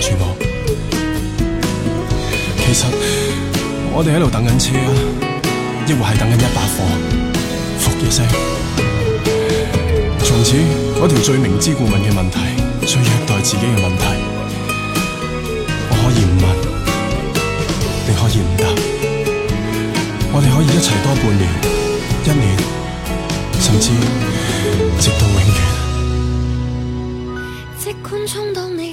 其實我哋喺度等緊車啊，抑或係等緊一把火伏一聲，從此嗰條最明知故問嘅問題，最虐待自己嘅問題，我可以唔問，你可以唔答，我哋可以一齊多半年、一年，甚至直到永遠。即管衝你。